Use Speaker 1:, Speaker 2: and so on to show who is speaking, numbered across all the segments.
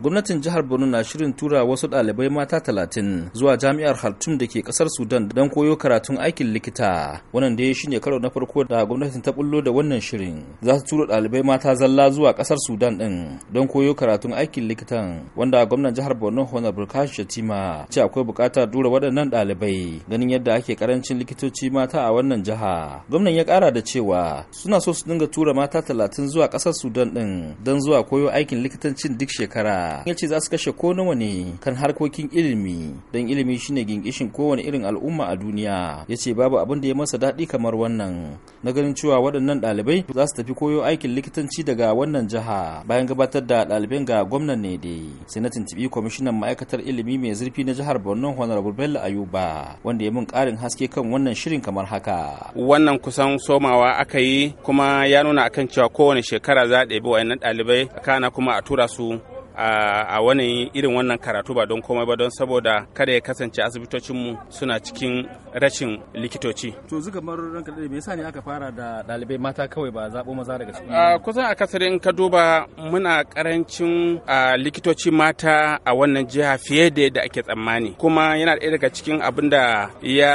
Speaker 1: gwamnatin jihar borno na shirin tura wasu ɗalibai mata talatin zuwa jami'ar hartum da ke ƙasar sudan don koyo karatun aikin likita wannan ya shine karo na farko da gwamnatin ta bullo da wannan shirin za su tura ɗalibai mata zalla zuwa ƙasar sudan ɗin don koyo karatun aikin likitan wanda gwamnan jihar borno honorable kashi shatima ce akwai buƙatar dura waɗannan ɗalibai ganin yadda ake karancin likitoci mata a wannan jiha gwamnan ya ƙara da cewa suna so su dinga tura mata talatin zuwa ƙasar sudan ɗin don zuwa koyo aikin likitancin duk shekara ya ce za su kashe ko nawa ne kan harkokin ilimi don ilimi shine gingishin kowane irin al'umma a duniya ya ce babu abin da ya masa daɗi kamar wannan na ganin cewa waɗannan ɗalibai za su tafi koyo aikin likitanci daga wannan jiha bayan gabatar da ɗaliban ga gwamnan ne dai sai na tuntubi kwamishinan ma'aikatar ilimi mai zurfi na jihar Borno Honorable Bello Ayuba wanda ya mun ƙarin haske kan wannan shirin kamar haka
Speaker 2: wannan kusan somawa aka yi kuma ya nuna akan cewa kowane shekara za a ɗebi wa'annan ɗalibai kana kuma a tura su a wani irin wannan karatu ba don komai ba don saboda kada ya kasance asibitocinmu suna cikin rashin likitoci.
Speaker 1: To zu kamar ranka da me yasa ne aka fara da dalibai mata kawai ba zaɓo maza daga cikin. A
Speaker 2: kusan akasarin ka duba muna karancin likitoci mata a wannan jiha fiye da yadda ake tsammani kuma yana ɗaya daga cikin abin da ya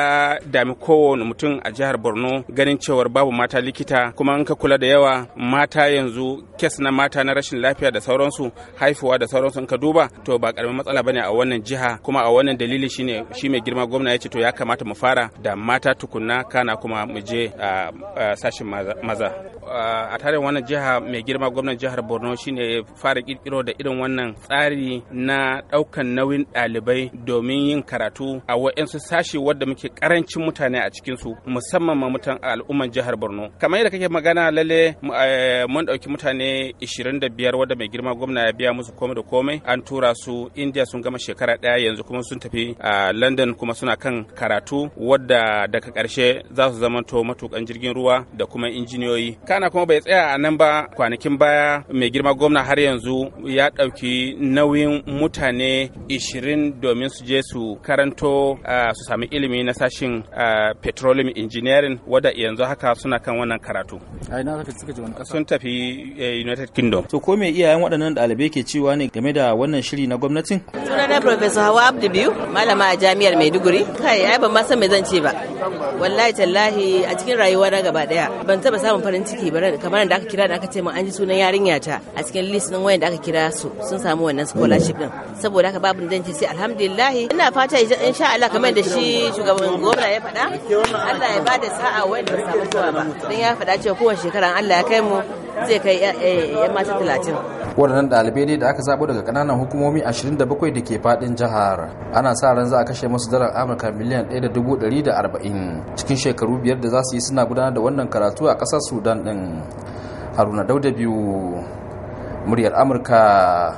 Speaker 2: dami kowane mutum a jihar Borno ganin cewar babu mata likita kuma in ka kula da yawa mata yanzu kes na mata na rashin lafiya da sauransu haifuwa kowa da sauransu in ka duba to ba karamin matsala bane a wannan jiha kuma a wannan dalili shine shi mai girma gwamna ya ce to ya kamata mu fara da mata tukunna kana kuma mu je sashin maza a tarin wannan jiha mai girma gwamnan jihar borno shine fara kirkiro da irin wannan tsari na daukan nauyin dalibai domin yin karatu a wa'yansu sashi wadda muke karancin mutane a cikinsu musamman ma mutan al'umman jihar borno kamar yadda kake magana lalle eh, mun dauki mutane 25 wadda mai girma gwamna ya biya musu komai da komai an tura su india sun gama shekara ɗaya yanzu kuma sun tafi a london kuma suna kan karatu wadda daga karshe za su zamanto matukan jirgin ruwa da kuma injiniyoyi kana kuma bai tsaya a nan ba kwanakin baya mai girma gwamna har yanzu ya ɗauki nauyin mutane 20 domin su je su karanto su sami ilimi na sashin petroleum engineering wadda yanzu haka suna kan wannan karatu sun tafi
Speaker 3: eh, united
Speaker 1: kingdom to ko me iyayen waɗannan ɗalibai ke cewa cewa ne game da wannan shiri na gwamnatin?
Speaker 3: Sunana Professor Hawa Abdu biyu, malama a jami'ar Maiduguri. Kai, ai ban ma san me zan ce ba. Wallahi tallahi a cikin rayuwa na gaba daya ban taba samun farin ciki ba kamar da aka kira da aka ce mun an ji sunan yarinya ta a cikin list din wayan da aka kira su sun samu wannan scholarship din. Saboda haka babu zan ce sai alhamdulillah ina fata insha Allah kamar da shi shugaban gwamna ya faɗa Allah ya bada sa'a wanda samu kowa ba. Dan ya faɗa cewa kowace shekara Allah ya kai mu zai kai eh, 'yan mata talatin.
Speaker 1: waɗannan ɗalibai ne da aka zaɓo daga ƙananan hukumomi 27 da ke faɗin jihar ana sa ran za a kashe musu daren amurka miliyan 1.140 cikin shekaru biyar da za su yi suna gudanar da wannan karatu a ƙasar sudan ɗin haruna dauda biyu muryar amurka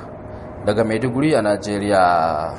Speaker 1: daga maiduguri a najeriya